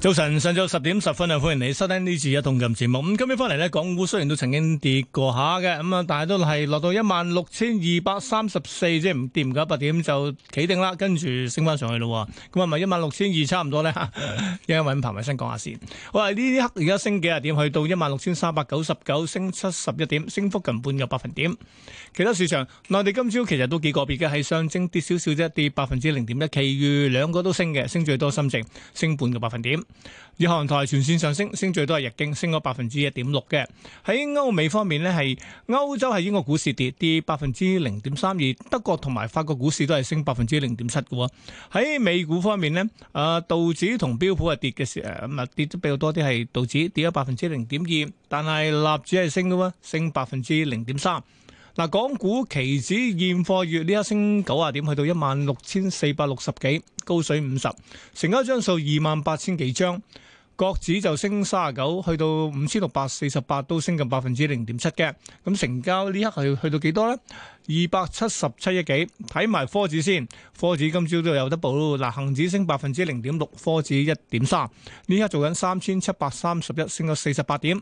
早晨，上晝十點十分啊！歡迎你收聽呢次一動咁節目。咁今日翻嚟呢，港股雖然都曾經跌過下嘅，咁啊，但係都係落到一萬六千二百三十四，即係唔跌唔夠八點就企定啦。跟住升翻上去咯。咁係咪一萬六千二差唔多呢？一陣揾彭偉新講下先。我話呢一刻而家升幾啊點，去到一萬六千三百九十九，升七十一點，升幅近半個百分點。其他市場，內地今朝其實都幾個別嘅，係上證跌少少啫，跌百分之零點一。其餘兩個都升嘅，升最多深證升半個百分點。日韓台全線上升，升最多係日經，升咗百分之一點六嘅。喺歐美方面呢係歐洲，係英國股市跌，跌百分之零點三二。德國同埋法國股市都係升百分之零點七嘅。喎，喺美股方面呢啊道指同標普係跌嘅時，咁、呃、啊跌得比較多啲係道指跌咗百分之零點二，但係納指係升嘅，升百分之零點三。嗱，港股期指現貨月呢一刻升九啊點，去到一萬六千四百六十幾，高水五十，成交張數二萬八千幾張。國指就升三十九，去到五千六百四十八，都升近百分之零點七嘅。咁成交呢一刻係去到幾多呢？二百七十七億幾。睇埋科指先，科指今朝都有得報囉。嗱，恒指升百分之零點六，科指一點三。呢一刻做緊三千七百三十一，升咗四十八點。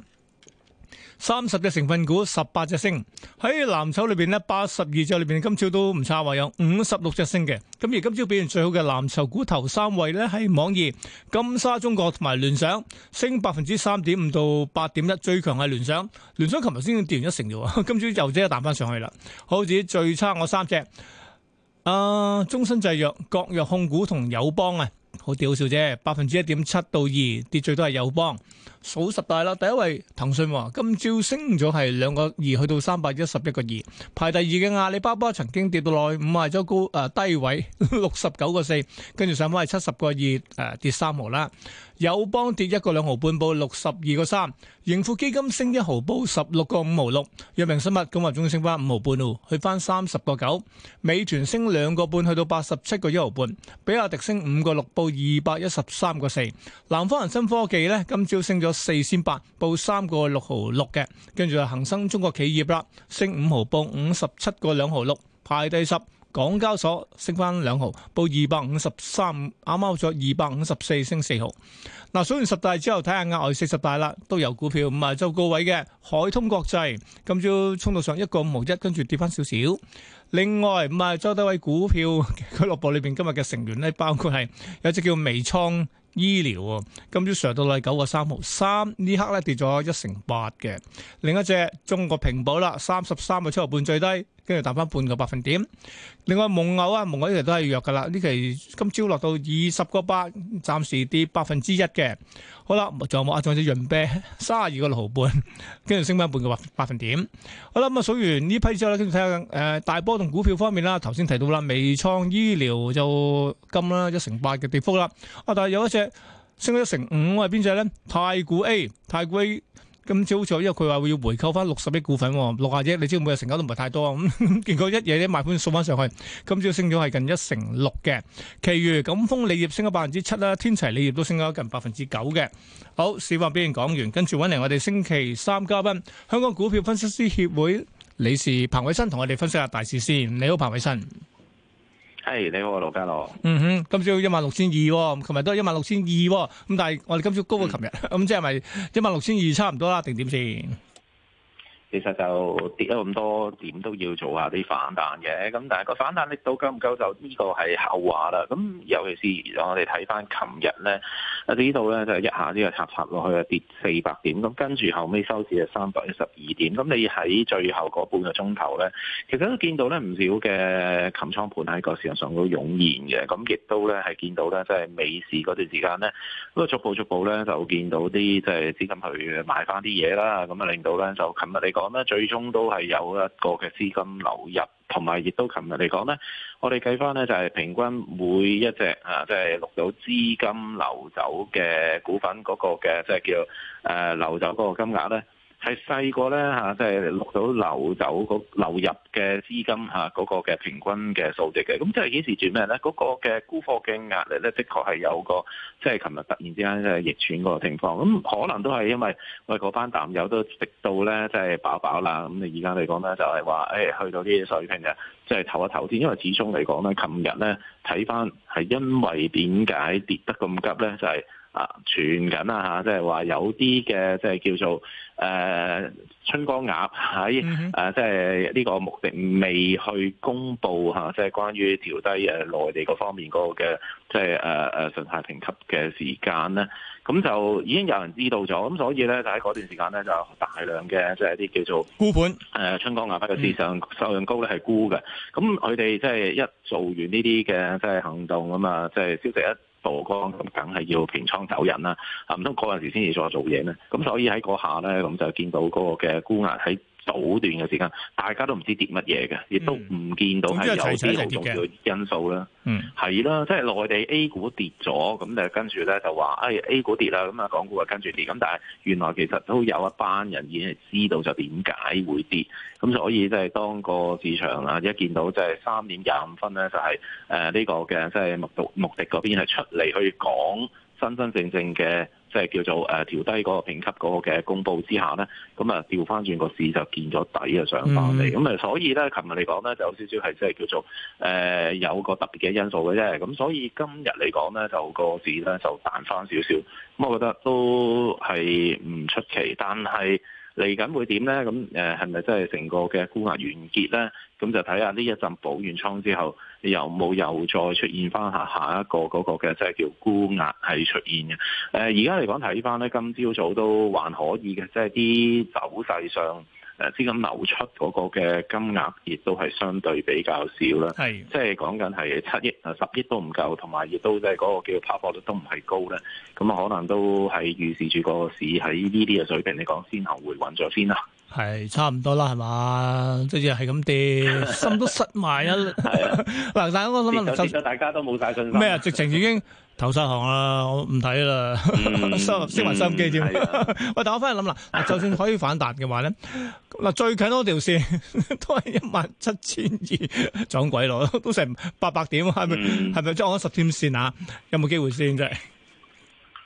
三十隻成分股，十八隻升。喺藍籌裏邊呢，八十二隻裏邊，今朝都唔差，話有五十六隻升嘅。咁而今朝表現最好嘅藍籌股頭三位呢，係、哎、網易、金沙中國同埋聯想，升百分之三點五到八點一，最強係聯想。聯想琴日先跌完一成咋，今朝又即刻彈翻上去啦。好，似最差我三隻，啊、呃，中身製藥、國藥控股同友邦啊。好屌笑啫，百分之一點七到二跌，最多係友邦數十大啦。第一位騰訊今朝升咗係兩個二，去到三百一十一個二。排第二嘅阿里巴巴曾經跌到內五萬周高，誒、呃、低位六十九個四，4, 跟住上翻係七十個二，誒跌三毫啦。友邦跌一個兩毫半，報六十二個三。盈富基金升一毫報十六個五毫六。藥明生物咁話，終於升翻五毫半去翻三十個九。美團升兩個半，去到八十七個一毫半。比亞迪升五個六，報報二百一十三個四，4, 南方恒生科技呢，今朝升咗四仙八，報三個六毫六嘅，跟住就恒生中國企業啦，升五毫，報五十七個兩毫六，排第十。港交所升翻兩毫，報二百五十三，啱啱好咗二百五十四升四毫。嗱，數完十大之後，睇下額外四十大啦，都有股票唔係做高位嘅，海通國際今朝衝到上一個五毫一，跟住跌翻少少。另外唔係做低位股票俱樂部裏邊今日嘅成員咧，包括係有一隻叫微創醫療啊，今朝上到嚟九個三毫三，呢刻咧跌咗一成八嘅。另一隻中國平保啦，三十三個七毫半最低。跟住打翻半個百分點。另外蒙牛啊，蒙牛呢期都係弱噶啦，呢期今朝落到二十個八，暫時跌百分之一嘅。好啦，仲有冇啊？仲有隻潤啤，三十二個六毫半，跟住升翻半個百分點。好啦，咁啊數完呢批之後咧，跟住睇下誒大波同股票方面啦。頭先提到啦，微創醫療就金啦一成八嘅跌幅啦。啊，但係有一隻升咗一成五係邊隻咧？太古 A，太古 A。今朝早，因為佢話會要回購翻六十億股份，哦，六啊億，你知每日成交都唔係太多，咁 結果一嘢咧賣盤掃翻上去，今朝升咗係近一成六嘅。其餘贛鋒鋰業升咗百分之七啦，天齊鋰業都升咗近百分之九嘅。好，市況表現講完，跟住揾嚟我哋星期三嘉賓，香港股票分析師協會理事彭偉新，同我哋分析下大市先。你好，彭偉新。誒你好，羅家樂。嗯哼，今朝一萬六千二喎，琴日都係一萬六千二喎。咁但係我哋今朝高過琴日，咁即係咪一萬六千二差唔多啦？定點先？其實就跌咗咁多點都要做下啲反彈嘅，咁但係個反彈力度夠唔夠就呢個係後話啦。咁尤其是我哋睇翻琴日咧，喺呢度咧就一下呢個插插落去啊跌四百點，咁跟住後尾收市啊三百一十二點。咁你喺最後嗰半個鐘頭咧，其實都見到咧唔少嘅琴倉盤喺個市場上都湧現嘅，咁亦都咧係見到咧即係尾市嗰段時間咧，都、那個、逐步逐步咧就見到啲即係資金去買翻啲嘢啦，咁啊令到咧就琴日呢個。咁咧，最終都係有一個嘅資金流入，同埋亦都琴日嚟講咧，我哋計翻咧就係平均每一隻啊，即係錄到資金流走嘅股份嗰個嘅，即係叫誒流走嗰個金額咧。係細個咧嚇，即係、就是、錄到流走個流入嘅資金嚇，嗰、啊那個嘅平均嘅數值嘅。咁即係顯示住咩咧？嗰、那個嘅沽貨嘅壓力咧，的確係有個即係琴日突然之間即係逆轉嗰個情況。咁可能都係因為喂嗰班淡友都食到咧，即、就、係、是、飽飽啦。咁你而家嚟講咧，就係話誒去到啲水平嘅，即係抖一抖先。因為始終嚟講咧，琴日咧睇返係因為點解跌得咁急咧？就係、是。啊，傳緊啦嚇，即係話有啲嘅，即係叫做誒、呃、春江鴨喺誒，即係呢個目的未去公布嚇，即、啊、係、就是、關於調低誒內地嗰方面嗰個嘅，即係誒誒信貸評級嘅時間咧。咁就已經有人知道咗，咁所以咧就喺、是、嗰段時間咧就有大量嘅，即係啲叫做沽盤誒、啊、春江鴨，不過事實上收量高咧係沽嘅。咁佢哋即係一做完呢啲嘅即係行動啊嘛，即、就、係、是、消息一曝光咁梗係要平倉走人啦，唔通嗰陣時先至再做嘢咩？咁所以喺嗰下咧，咁就見到嗰個嘅沽壓喺。早段嘅時間，大家都唔知跌乜嘢嘅，亦都唔見到係有啲好重要因素啦、嗯。嗯，係啦，即係內地 A 股跌咗，咁就跟住咧就話，哎 A 股跌啦，咁啊港股啊跟住跌。咁但係原來其實都有一班人已經係知道就點解會跌，咁所以即係當個市場啊一見到即係三點廿五分咧，就係誒呢個嘅即係目的目的嗰邊係出嚟去講真真正正嘅。即係叫做誒、呃、調低嗰個評級嗰個嘅公佈之下咧，咁啊調翻轉個市就見咗底啊上翻嚟，咁啊所以咧，琴日嚟講咧就有少少係即係叫做誒、呃、有個特別嘅因素嘅啫，咁所以今日嚟講咧就個市咧就彈翻少少，咁我覺得都係唔出奇，但係。嚟緊會點呢？咁誒係咪真係成個嘅沽壓完結呢？咁就睇下呢一陣補完倉之後，你有冇又再出現翻下下一個嗰個嘅即係叫沽壓係出現嘅？誒而家嚟講睇翻呢，今朝早，早都還可以嘅，即係啲走勢上。誒資金流出嗰個嘅金額亦都係相對比較少啦，係的即係講緊係七億啊十億都唔夠，同埋亦都即係嗰個叫拋售率都唔係高咧，咁啊可能都係預示住個市喺呢啲嘅水平嚟講，先行回穩咗先啦。係差唔多啦，係嘛，即係係咁跌，心都失埋啊！嗱， 但係我諗大家都冇晒信心咩啊？直情已經投失行啦，我唔睇啦，收入熄埋收音機添。喂、嗯，啊、 但我翻去諗啦，就算可以反彈嘅話咧，嗱 最近嗰條綫都係一萬七千二，撞鬼耐咯，都成八百點，係咪？係咪將我十天綫啊？有冇機會先真啫？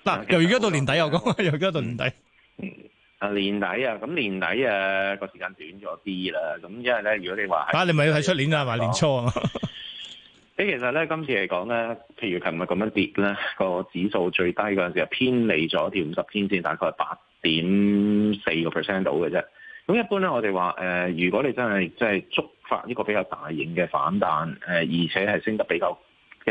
嗱， 由而家到年底又講，由而家到年底。我 啊年底啊，咁年底啊個時間短咗啲啦，咁因為咧，如果你話，啊你咪要睇出年啊，話年、年初、啊。誒， 其實咧，今次嚟講咧，譬如琴日咁樣跌咧，個指數最低嗰陣時偏離咗條五十天線，大概係八點四個 percent 到嘅啫。咁一般咧，我哋話誒，如果你真係真係觸發呢個比較大型嘅反彈，誒、呃，而且係升得比較。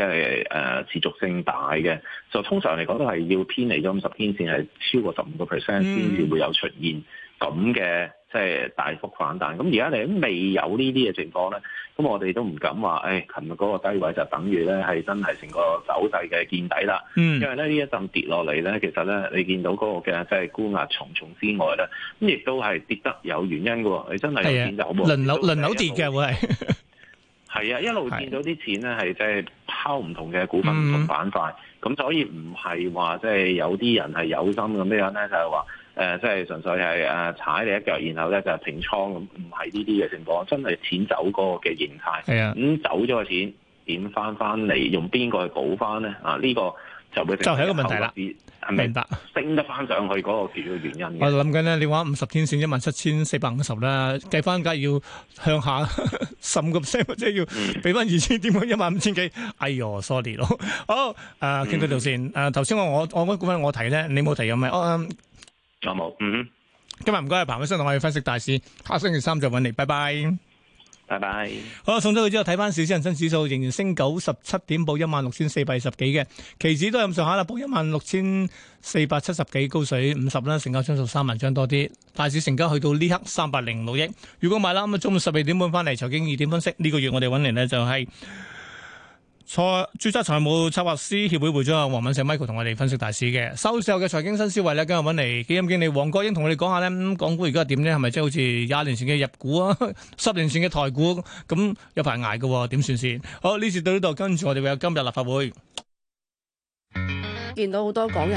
即係誒持續性大嘅，就通常嚟講都係要偏離咗五十天線係超過十五個 percent 先至會有出現咁嘅即係大幅反彈。咁而家你未有呢啲嘅情況咧，咁我哋都唔敢話，誒、哎，琴日嗰個低位就等於咧係真係成個走勢嘅見底啦。嗯、因為咧呢一陣跌落嚟咧，其實咧你見到嗰個嘅即係沽壓重重之外咧，咁亦都係跌得有原因嘅喎。你真係輪流輪流跌嘅會係。 係啊，一路見到啲錢咧係即係拋唔同嘅股份唔同、嗯、板塊，咁所以唔係話即係有啲人係有心咁樣咧，就係話誒即係純粹係誒踩你一腳，然後咧就平倉咁，唔係呢啲嘅情況，真係錢走嗰個嘅形態。係啊的，咁、嗯、走咗嘅錢點翻翻嚟？用邊個去補翻咧？啊，呢、呢個。就就係一個問題啦，明白升得翻上去嗰個主要原因。行我諗緊咧，你話五十天線一萬七千四百五十啦，計翻家要向下十五個 percent，即係要俾翻二千點，一萬五千幾。哎呦，sorry 咯。 好，誒、呃、見到、嗯呃、呢條線。誒頭先我我我嗰啲股份我提咧，你冇提咁咪。啊冇。嗯。嗯，今日唔該，彭偉新同我哋分析大市。下星期三就揾你。拜拜。拜拜。好，送咗佢之後，睇翻市，市，先恆生指數仍然升九十七點，報一萬六千四百二十幾嘅。期指都係咁上下啦，報一萬六千四百七十幾，高水五十啦。成交張數三萬張多啲，大市成交去到呢刻三百零六億。如果買啦，咁啊中午十二點半翻嚟財經二點分析。呢、這個月我哋揾嚟呢就係、是。財註冊財務策劃師協會會長黃敏石 Michael 同我哋分析大市嘅。收市後嘅財經新思維咧，今日揾嚟基金經理黃國英同我哋講下咧，港股而家點呢？係咪即係好似廿年前嘅入股啊，十年前嘅台股咁，有排挨㗎，點算先？好，呢次到呢度，跟住我哋會有今日立法會，見到好多港人。